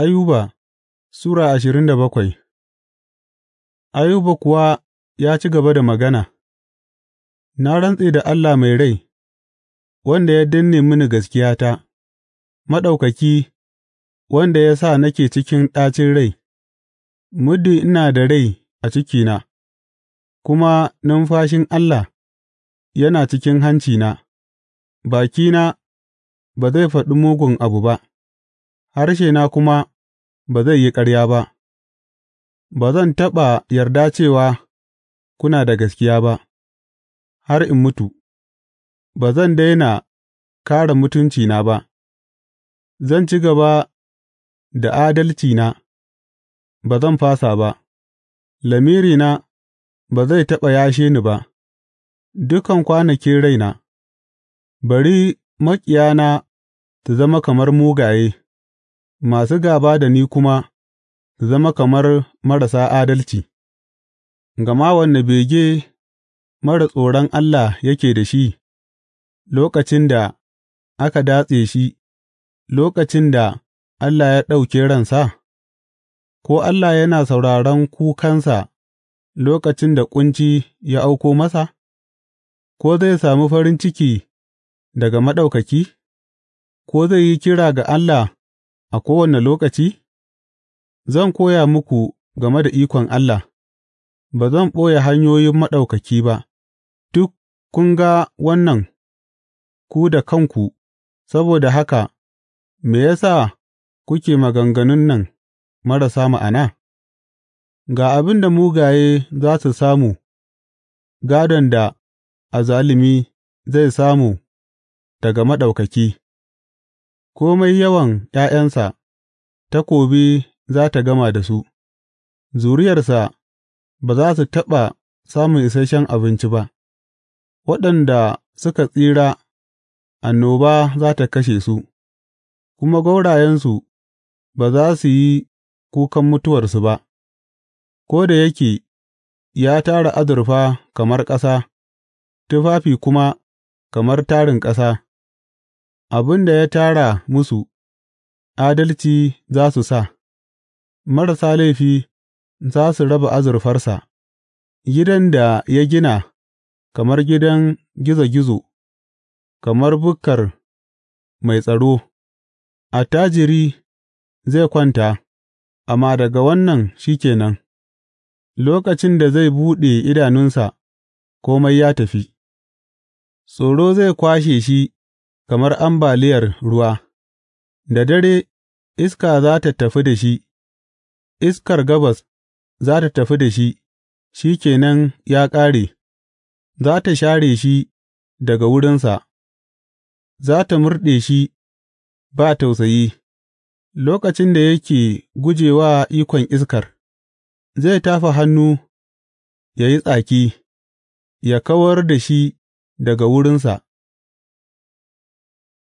Ayuba Sura ashirin da bakwai Ayuba kuwa ya ci gaba da magana, Na rantse da Allah mai rai, wanda ya danne mini gaskiyata, Maɗaukaki, wanda ya sa nake cikin ɗacin rai, muddin ina da rai a cikina, kuma numfashin Allah yana cikin hancina, bakina ba zai faɗi mugun abu ba. harshena kuma ba zai yi ƙarya ba; ba zan taɓa yarda cewa kuna da gaskiya ba, har in mutu; ba zan daina kāre mutuncina ba, zan ci gaba da adalcina, ba zan fasa ba, lamirina ba zai taɓa yashe ni ba, dukan kwanakin raina, bari maƙiyana su zama kamar mugaye. masu gāba da ni kuma su zama kamar marasa adalci, gama wane bege mara tsoron Allah yake da shi lokacin da aka datse shi, lokacin da Allah ya ɗauke ransa? Ko Allah yana sauraron kukansa lokacin da ƙunci ya auko masa? Ko zai sami farin ciki daga Maɗaukaki? Ko zai yi kira ga Allah a kowane lokaci? Zan koya muku game da ikon Allah; ba zan ɓoye hanyoyin Maɗaukaki ba, duk kun ga wannan ku da kanku, saboda haka me ya sa kuke maganganun nan marasa ma'ana? Ga abin da mugaye za su samu, gādon da azzalumi zai samu daga Maɗaukaki. Kome yawan ’ya'yansa, takobi za tă gama da su; zuriyarsa ba za su taɓa samun isasshen abinci ba; waɗanda suka tsira annoba za tă kashe su, kuma gwaurayensu ba za su yi kukan mutuwarsu ba, ko da yake ya tara azurfa kamar ƙasa tufafi kuma kamar tarin ƙasa. Abin da ya tara musu, adalci za su sa; marasa laifi za su raba azurfarsa; gidan da ya gina kamar gidan gizo gizo, kamar bukkar mai tsaro, attajiri zai kwanta, amma daga wannan shi kenan lokacin da zai buɗe idanunsa, komai ya tafi; tsoro zai kwashe shi. kamar ambaliyar ruwa, da dare iska za tă tafi da shi, iskar gabas za ta tafi da shi, shi ke nan ya ƙare, za ta share shi daga wurinsa, za ta murɗe shi ba tausayi, lokacin da yake guje wa ikon iskar, zai tafa hannu ya yi tsaki, ya kawar da shi daga wurinsa.